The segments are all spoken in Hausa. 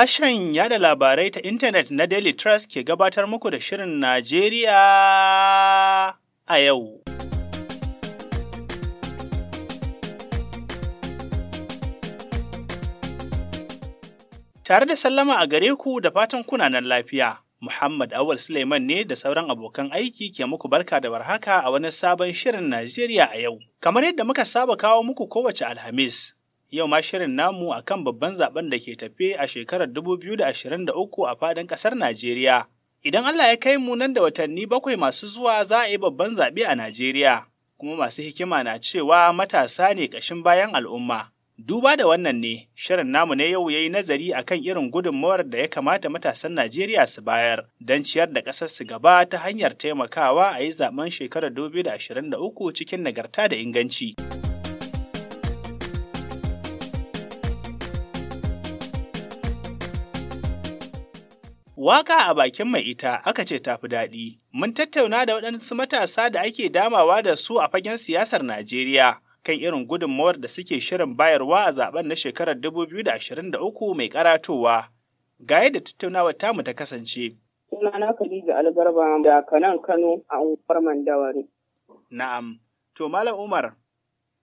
Sashen yada labarai ta intanet na Daily Trust ke gabatar muku da Shirin Najeriya a yau. Tare da sallama a gare ku da fatan kunanan lafiya, Muhammad Awal Suleiman ne da sauran abokan aiki ke muku barka da warhaka a wani sabon Shirin Najeriya a yau. Kamar yadda muka saba kawo muku kowace Alhamis. Yau ma shirin namu a kan babban zaben da ke tafe a shekarar 2023 a fadin ƙasar Najeriya. Idan Allah ya kai mu nan da watanni bakwai masu zuwa za a yi babban zaɓe a Najeriya, kuma masu hikima na cewa matasa ne ƙashin bayan al'umma. Duba da wannan ne, shirin namu na yau ya yi nazari a kan irin gudunmawar da ya kamata matasan Najeriya su bayar don ciyar da ƙasar su gaba ta hanyar taimakawa a yi zaɓen shekarar 2023 cikin nagarta da inganci. Waka a bakin mai ita aka ce tafi daɗi. Mun tattauna da waɗansu matasa da ake damawa da su a fagen siyasar Najeriya kan irin gudunmawar da suke shirin bayarwa a zaben na shekarar 2023 mai karatowa. Ga yadda tattaunawar tamu ta kasance. Sunana Khadija Algarba da kanan Kano a unguwar Mandawari. Na'am. To Malam Umar.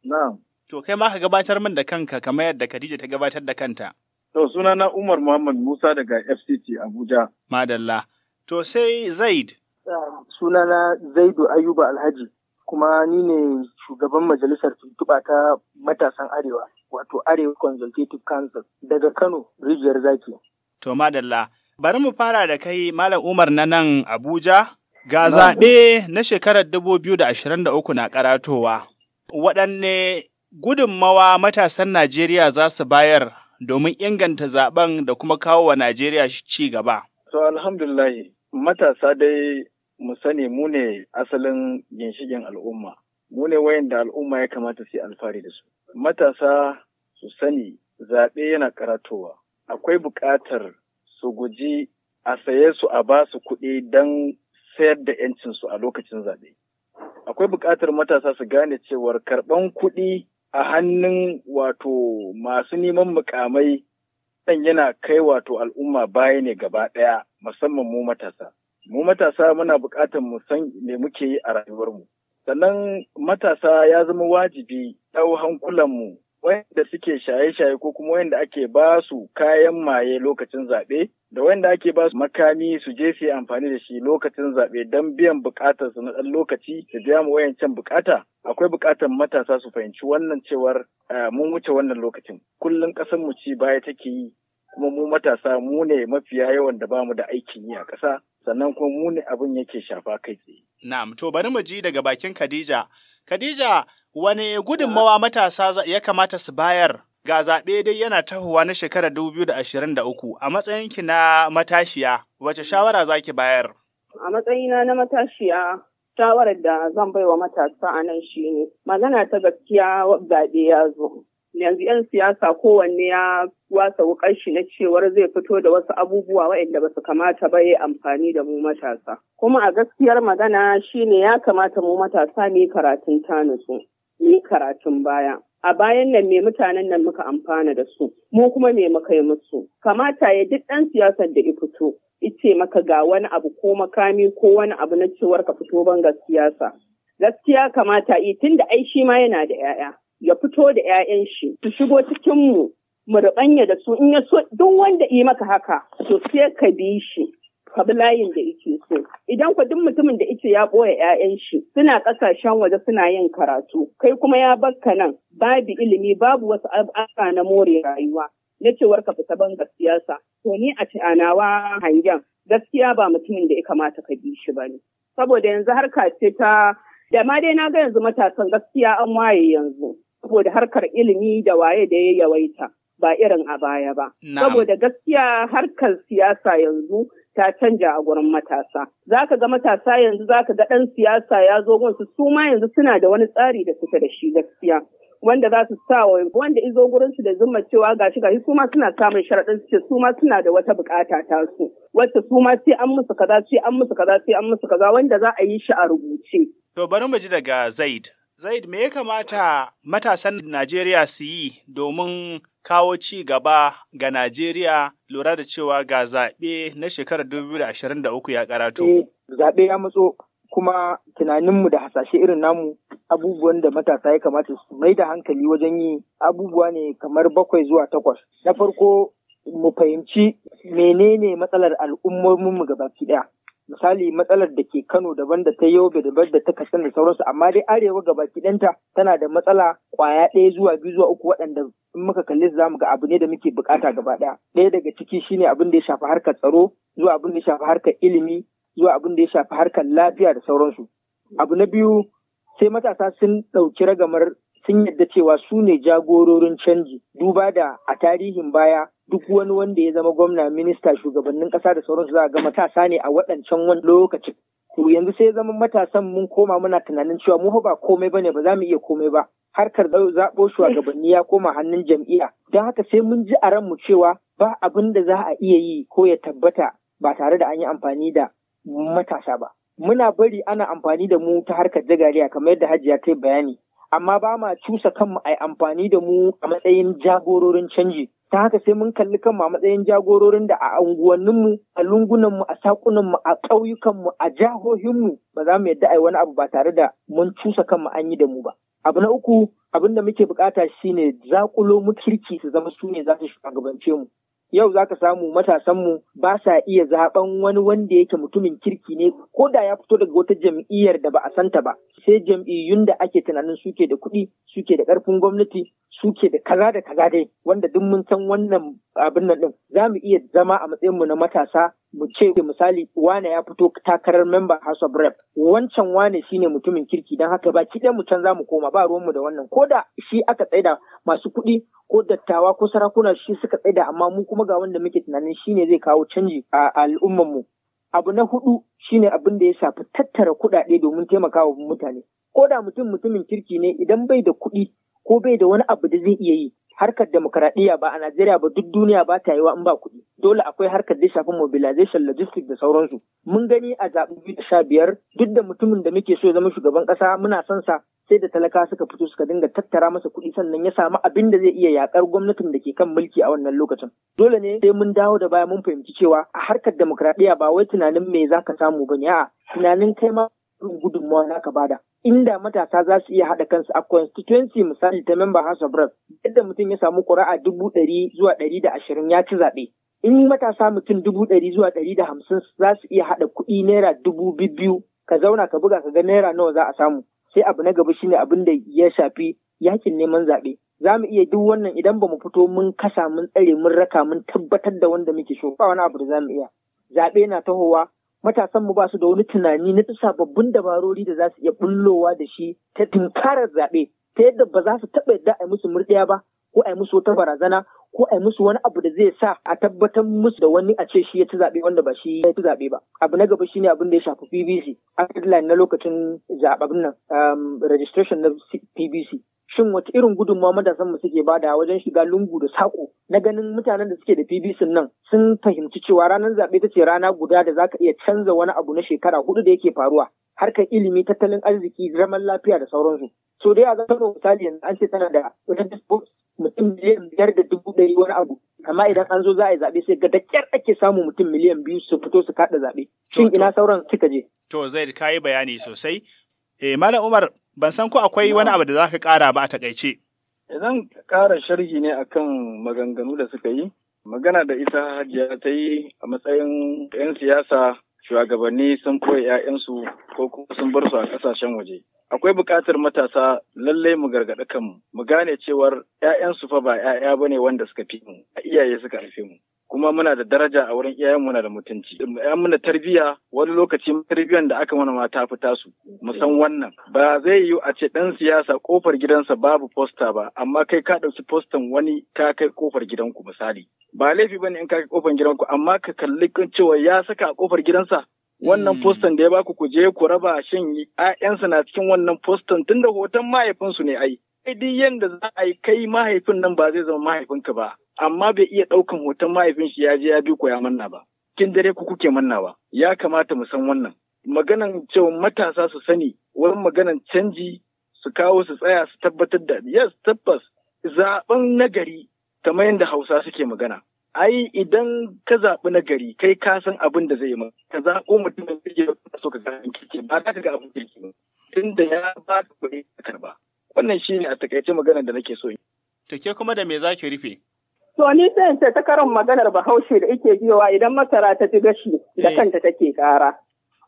Na'am. To kai ma ka gabatar min da kanka kamar yadda Khadija ta gabatar da kanta. To na Umar Muhammad Musa daga FCT Abuja. Madalla. To sai Zaid. Um, na Zaidu Ayuba Alhaji kuma ni ne shugaban majalisar tuntuɓa ta matasan Arewa wato Arewa Consultative Council daga Kano Rijiyar Zaki. To madalla. Bari mu fara da kai Malam Umar na nan Abuja ga zaɓe na shekarar da 2023 na karatowa. Waɗanne gudunmawa matasan Najeriya za su bayar domin inganta zaben da kuma kawo wa Najeriya ci gaba? so, alhamdulillahi matasa dai mu sani mu ne asalin ginshigin al'umma. Mu ne wayanda al'umma ya kamata su yi alfahari da su. Matasa su sani zaɓe yana karatowa. Akwai buƙatar su guji a saye su a ba su kuɗi don sayar da 'yancinsu a lokacin zaɓe. Akwai buƙatar matasa su gane cewar karɓan kuɗi a hannun wato masu neman mukamai dan yana kai wato al'umma baya ne gaba ɗaya musamman mu matasa. Mu matasa muna buƙatar mu san me muke yi a rayuwarmu. Sannan matasa ya zama wajibi ɗau hankulanmu wayanda suke shaye-shaye ko kuma wayanda ake ba su kayan maye lokacin zaɓe da wanda ake ba su makami su je su yi amfani da shi lokacin zaɓe don biyan buƙatar su na ɗan lokaci da biya mu wayancan buƙata akwai buƙatar matasa su fahimci wannan cewar eh, mun wuce wannan lokacin kullum ƙasar mu ci baya take yi kuma mu matasa mu ne mafiya yawan da bamu da aikin yi a ƙasa sannan kuma mu ne abin yake shafa kai tsaye. Na'am to bari mu ji daga bakin Khadija. Khadija wani gudunmawa matasa ya kamata su bayar Ga zaɓe dai yana tahowa na shekarar 2023 a matsayinki na matashiya, wace shawara za ki bayar? A matsayina na matashiya, shawarar da zan baiwa matasa a nan shi ne, magana ta gaskiya zaɓe ya zo. Yanzu 'yan siyasa kowanne ya wasa wukar shi na cewar zai fito da wasu abubuwa waɗanda ba su kamata ba ya amfani da mu matasa. Kuma a gaskiyar magana shi ne ya kamata mu matasa ne karatun tanatsu, ni karatun baya. a bayan nan me mutanen nan muka amfana da su mu kuma me muka yi musu kamata ya duk ɗan siyasar da ya fito ice maka ga wani abu ko makami ko wani abu na cewar ka fito banga siyasa gaskiya kamata yi tun da ai shi ma yana da 'ya'ya ya fito da 'ya'yan shi su shigo cikin mu mu da su in ya so duk wanda yi maka haka to sai ka bi shi ka bi layin da ike so. Idan ku duk mutumin da ike ya ɓoye 'ya'yan shi suna ƙasashen waje suna yin karatu, kai kuma ya bakka nan babu ilimi babu wasu al'ada na more rayuwa. Na cewar ka fita ban siyasa, to ni a anawa hangen gaskiya ba mutumin da ya kamata ka bi shi ba ne. Saboda yanzu harka ce ta da ma dai na ga yanzu matasan gaskiya an waye yanzu. Saboda harkar ilimi da waye da ya yawaita. ba irin a baya ba. Saboda gaskiya harkar siyasa yanzu ta canja a gurin matasa. Za ka ga matasa yanzu za ka ga ɗan siyasa ya zo gunsu su ma yanzu suna da wani tsari da suke da shi gaskiya. Wanda za su sa wanda izo gurin da zuma cewa gashi gashi su ma suna samun sharaɗin su ce su ma suna da wata buƙata ta su. Wacce su ma sai an musu kaza sai an musu kaza sai an musu kaza wanda za a yi shi a rubuce. To bari mu ji daga Zaid. Zaid me ya kamata matasan Najeriya su yi domin kawo ci gaba ga Najeriya lura da cewa ga zaɓe na shekarar 2023 ya karatu. Eh, zaɓe ya matso kuma tunaninmu da hasashe irin namu abubuwan da matasa ya kamata su mai da hankali wajen yi abubuwa ne kamar bakwai zuwa takwas. Na farko mu fahimci menene matsalar al'ummominmu gabaki ɗaya. misali matsalar da ke Kano daban da ta Yobe daban da ta Katsina da sauransu amma dai arewa gaba kidanta tana da matsala kwaya ɗaya zuwa biyu zuwa uku waɗanda in muka kalli za zamu ga abu ne da muke bukata gaba ɗaya ɗaya daga ciki shine abin da ya shafi harkar tsaro zuwa abin da ya shafi harkar ilimi zuwa abin da ya shafi harkar lafiya da sauransu abu na biyu sai matasa sun ɗauki ragamar sun yadda cewa su ne jagororin canji duba da a tarihin baya duk wani wanda ya zama gwamna minista shugabannin ƙasa da sauransu za a ga matasa ne a waɗancan wani lokacin yanzu sai zama matasan mun koma muna tunanin cewa mu ba komai ba ne ba za mu iya komai ba harkar zaɓo shugabanni ya koma hannun jam'iyya don haka sai mun ji a ranmu cewa ba abin da za a iya yi ko ya tabbata ba tare da an yi amfani da matasa ba muna bari ana amfani da mu ta harkar jagariya kamar yadda hajiya ta bayani amma ba ma cusa kanmu a yi amfani da mu a matsayin jagororin canji ta haka sai mun kalli kanmu a matsayin jagororin da a unguwanninmu a lungunanmu a sakunanmu a ƙauyukanmu a jahohinmu ba za mu yadda yi wani abu ba tare da mun cusa kanmu an yi da mu ba abu na uku abin da muke bukata shine zakulo mutulki su zama su ne za su shugabance mu yau za ka samu matasanmu ba sa iya zaben wani wanda yake mutumin kirki ne ko da ya fito daga wata jam'iyyar da ba a santa ba sai jam'iyyun da ake tunanin suke da kuɗi suke da ƙarfin gwamnati suke da kaza da kaza dai wanda duk mun san wannan abin nan din za mu iya zama a matsayin mu na matasa mu ce misali wane ya fito takarar memba House of Rep wancan wane shine mutumin kirki don haka ba ki mu can za mu koma ba ruwanmu da wannan ko da shi aka tsaida masu kuɗi ko dattawa ko sarakuna shi suka tsaida amma mu kuma ga wanda muke tunanin shine zai kawo canji a al'ummar mu abu na hudu shine abin da ya shafi tattara kuɗaɗe domin taimakawa mutane ko da mutum mutumin kirki ne idan bai da kuɗi ko bai da wani abu da zai iya yi harkar demokradiyya ba a Najeriya ba duk duniya ba ta yi wa in ba kuɗi. Dole akwai harkar da shafin mobilization logistics da sauransu. Mun gani a zaɓen biyu da sha biyar duk da mutumin da muke so ya zama shugaban ƙasa muna son sa sai da talaka suka fito suka dinga tattara masa kuɗi sannan ya samu abin da zai iya yakar gwamnatin da ke kan mulki a wannan lokacin. Dole ne sai mun dawo da baya mun fahimci cewa a harkar demokradiyya ba wai tunanin me za ka samu ba ne a'a tunanin kai ma gudunmawa za ka bada. inda matasa za su iya haɗa kansu a constituency misali ta member house of reps yadda mutum ya samu ƙuri'a dubu ɗari zuwa ɗari da ashirin ya ci zaɓe in matasa mutum dubu ɗari zuwa ɗari da hamsin za su iya haɗa kuɗi naira dubu biyu ka zauna ka buga ka ga naira nawa za a samu sai abu na gaba shine abin da ya shafi yakin neman zaɓe za mu iya duk wannan idan ba mu fito mun kasa mun tsare mun raka mun tabbatar da wanda muke so ba wani abu da za mu iya zaɓe na tahowa Matasanmu ba su da wani tunani na sababbin dabarori da za su iya bullowa da shi ta tunkarar zaɓe ta yadda ba za su taɓa yadda a yi musu murɗiya ba ko a yi musu wata barazana ko a yi musu wani abu da zai sa a tabbatar musu da wani a ce shi ya ci zaɓe wanda ba shi ya ci zaɓe ba. Abu na gaba shine abin da ya shafi PBC, a na lokacin zaɓen nan, um, registration na PBC. shin wata irin gudunmawa matasan mu suke bada wajen shiga lungu da sako na ganin mutanen da suke da PBC nan sun fahimci cewa ranar zaɓe ta ce rana guda da zaka iya canza wani abu na shekara hudu da yake faruwa harkar ilimi tattalin arziki zaman lafiya da sauransu so dai a ga kano misali yanzu an ce tana da wajen mutum miliyan biyar da dubu ɗari wani abu amma idan an zo za a yi zaɓe sai ga dakkiyar ake samu mutum miliyan biyu su fito su kaɗa zaɓe shin ina sauran suka je. to zai kayi bayani sosai eh malam umar ban san ko akwai wani abu da za ka ƙara ba a takaice. Idan ƙara sharhi ne akan maganganu da suka yi. Magana da ita hajiya ta yi a matsayin 'yan siyasa shugabanni sun koya 'ya'yansu ko kuma sun bar su a ƙasashen waje. Akwai buƙatar matasa lallai mu gargaɗa kanmu, mu gane cewar 'ya'yansu fa ba 'ya'ya ba ne wanda suka fi mu, a iyaye suka haife mu. kuma muna da daraja a wurin iyayen muna da mutunci iyayen muna tarbiyya wani lokaci tarbiyyar da aka mana mata ta fita su musan wannan ba zai yiwu a ce dan siyasa kofar gidansa babu posta ba amma kai ka ɗauki postan wani ka kai kofar gidanku misali ba laifi bane in ka kai kofar gidanku amma ka kalli cewa ya saka a kofar gidansa wannan mm. fostan da ya baku ku je ku raba shin yayansa na cikin wannan fostan tunda hoton mahaifinsu ne ai. Ai duk yanda za a yi kai mahaifin nan ba zai zama mahaifinka ba. amma bai iya ɗaukan hoton mahaifin shi ya je ya bi ko ya manna ba. Kin dare ku kuke mannawa, ya kamata mu san wannan. Maganan cewa matasa su sani, wurin maganan canji su kawo su tsaya su tabbatar da yes tabbas zaben nagari kamar yadda Hausa suke magana. Ai idan ka zaɓi nagari kai ka san abin da zai yi ka zaɓo mutum da zai so ka gani kirki ba ka ga abin kirki ba tunda ya ba ka kuɗi ka karɓa. Wannan shine a takaice maganar da nake so. Ta ke kuma da me za ki rufe? To ni sai ce ta karin maganar Bahaushe da ike biyowa idan masara ta ji gashi da eh. kanta take kara.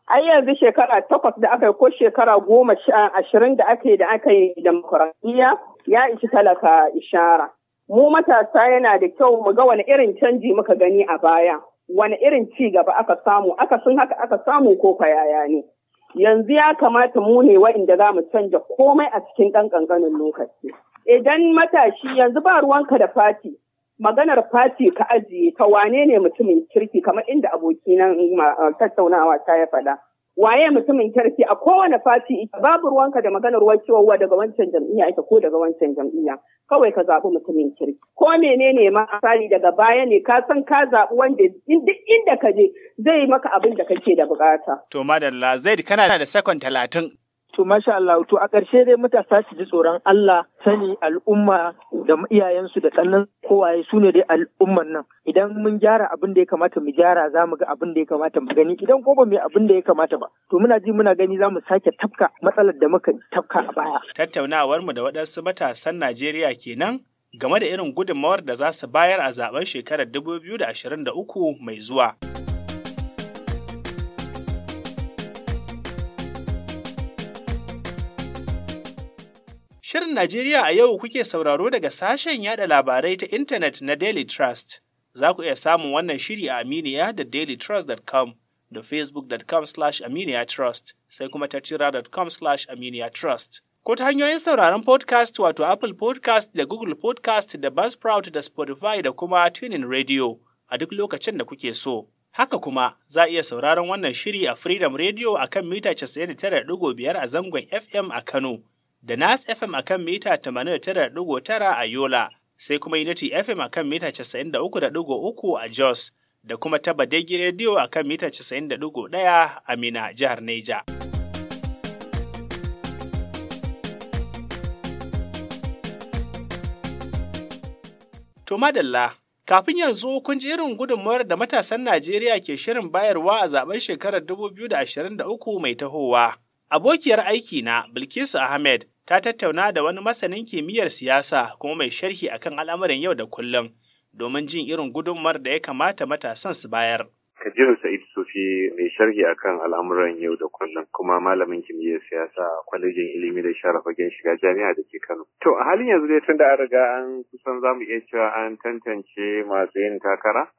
Ai yanzu shekara takwas da aka yi ko shekara goma sha ashirin da aka yi da aka yi demokuraɗiyya ya ishi talaka ishara. Mu matasa yana da kyau mu ga wani irin canji muka gani a baya. Wani irin ci gaba aka samu, aka sun haka aka samu ko kwayaya ne. Yanzu ya kamata mu ne wa'inda za mu canja komai a cikin ɗan ƙanƙanin lokaci. Idan matashi yanzu ba ruwanka da fati, maganar fati ka ajiye ka wane ne mutumin kirki kamar inda nan tattaunawa ta ya faɗa. Waye mutumin kirki a kowane fati babu ruwanka da maganar wacewa daga wancan jam'iyya ita ko daga wancan jam'iyya kawai ka zaɓi mutumin kirki. Ko menene ma asali daga baya ne ka san ka zaɓi wanda duk inda ka je zai maka abin da kake da bukata. To madalla Zaid kana da sakon talatin To masha Allah to a ƙarshe dai matasa su ji tsoron Allah sani al'umma da iyayensu da tsannan kowaye su ne dai al'umman nan idan mun gyara abin da ya kamata mu gyara za mu ga abin da ya kamata mu gani idan ko ba mu abin da ya kamata ba to muna ji muna gani za mu sake tafka matsalar da muka tafka a baya. Tattaunawar mu da waɗansu matasan Najeriya kenan game da irin gudunmawar da za su bayar a zaben shekarar 2023 mai zuwa. Shirin Najeriya a yau kuke sauraro daga sashen yada labarai ta intanet na Daily Trust. Za ku iya samun wannan shiri a Aminiya da dailytrust.com da facebook.com slash aminiyatrust sai kuma tatira.com slash aminiyatrust. Ko ta hanyoyin sauraron podcast wato Apple podcast da Google podcast da Buzzsprout da Spotify da kuma Tuning Radio a duk lokacin da kuke so. Haka kuma za a iya sauraron wannan shiri a Freedom Radio a kan mita 99.5 a zangon FM a Kano. da Nas FM a kan mita 89.9 a Yola, sai kuma Unity FM a kan mita 93.3 a Jos, da kuma ta Badegi Radio a kan mita 90.1 a Mina, jihar Neja. To madalla, kafin yanzu kun ji irin gudunmawar da matasan Najeriya ke shirin bayarwa a zaben shekarar 2023 mai tahowa. Abokiyar aiki na Bilkisu Ahmed ta tattauna da wani masanin kimiyyar siyasa kuma mai sharhi akan al'amuran yau da kullum domin jin irin gudunmar da ya kamata matasan su bayar. Kajiru Sa'id Sufi sharhi akan al'amuran yau da kullum kuma malamin kimiyyar siyasa a kwalejin ilimi da sharafagen fagen shiga jami'a da ke Kano. To a halin yanzu dai tun da an riga an kusan za mu iya cewa an tantance masu yin takara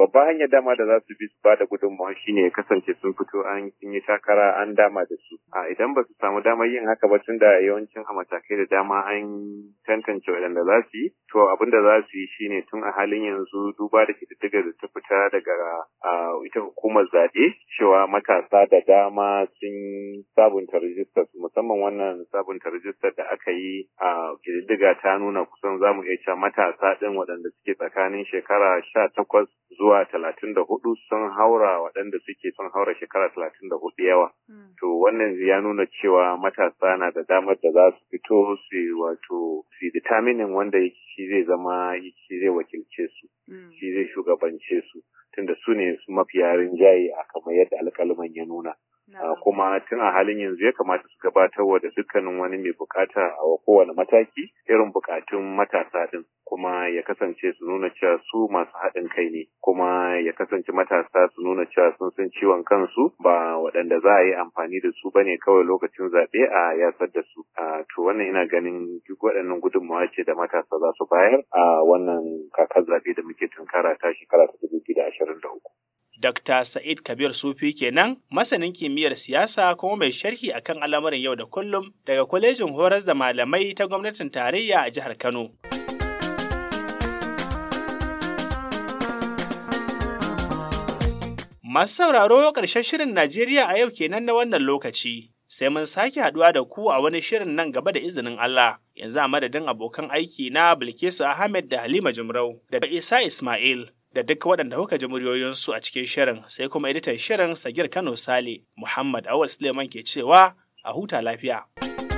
babban hanyar dama da za su bi su ba da gudunmawa shine ya kasance sun fito an yi takara an dama da su. a Idan ba su samu damar yin haka ba tun da yawancin a matakai da dama an tantance waɗanda za su yi to abin da za su yi shine tun a halin yanzu duba da ke da ta fita daga ita hukumar zaɓe shi cewa matasa da dama sun sabunta rajistar musamman wannan sabunta rajistar da aka yi a kididdiga ta nuna kusan za mu iya cewa matasa ɗin waɗanda suke tsakanin shekara sha takwas zuwa talatin da hudu sun haura waɗanda suke sun haura shekara talatin da hudu yawa. Hmm. To wannan ya nuna cewa matasa na da damar da za su fito su wato su wanda shi zai zama shi zai wakilce su, hmm. shi zai shugabance su. tunda su ne mafiya rinjaye a kamar yadda alƙalman ya nuna Ah, kuma tun a halin yanzu ya kamata su gabatar wa da dukkanin wani mai bukata a kowane mataki irin bukatun matasa din kuma ya kasance su nuna cewa su masu haɗin kai ne kuma ya kasance matasa su nuna cewa sun san ciwon kansu ba waɗanda za a yi amfani da su bane kawai lokacin zaɓe a yasar da su ah, to wannan ina ganin duk waɗannan gudunmawa ce da matasa za su bayar a wannan kakar zaɓe da muke tunkara ta shekara ta dubu biyu da ashirin da uku. Dr. Sa'id Kabir Sufi kenan masanin kimiyyar siyasa kuma mai sharhi akan al'amuran yau da kullum daga kwalejin horas da malamai ta gwamnatin tarayya a jihar Kano. Masu sauraro ƙarshen shirin Najeriya a yau kenan na wannan lokaci. sai mun sake haɗuwa da ku a wani shirin nan gaba da izinin Allah. Yanzu a madadin abokan aiki na Bilkisu Ahmed da Halima Jumrau da Isa Ismail. da duk waɗanda kuka ji muryoyinsu a cikin shirin sai kuma editan shirin Sagir Kano Sale Muhammad Awal Suleiman ke cewa a huta lafiya.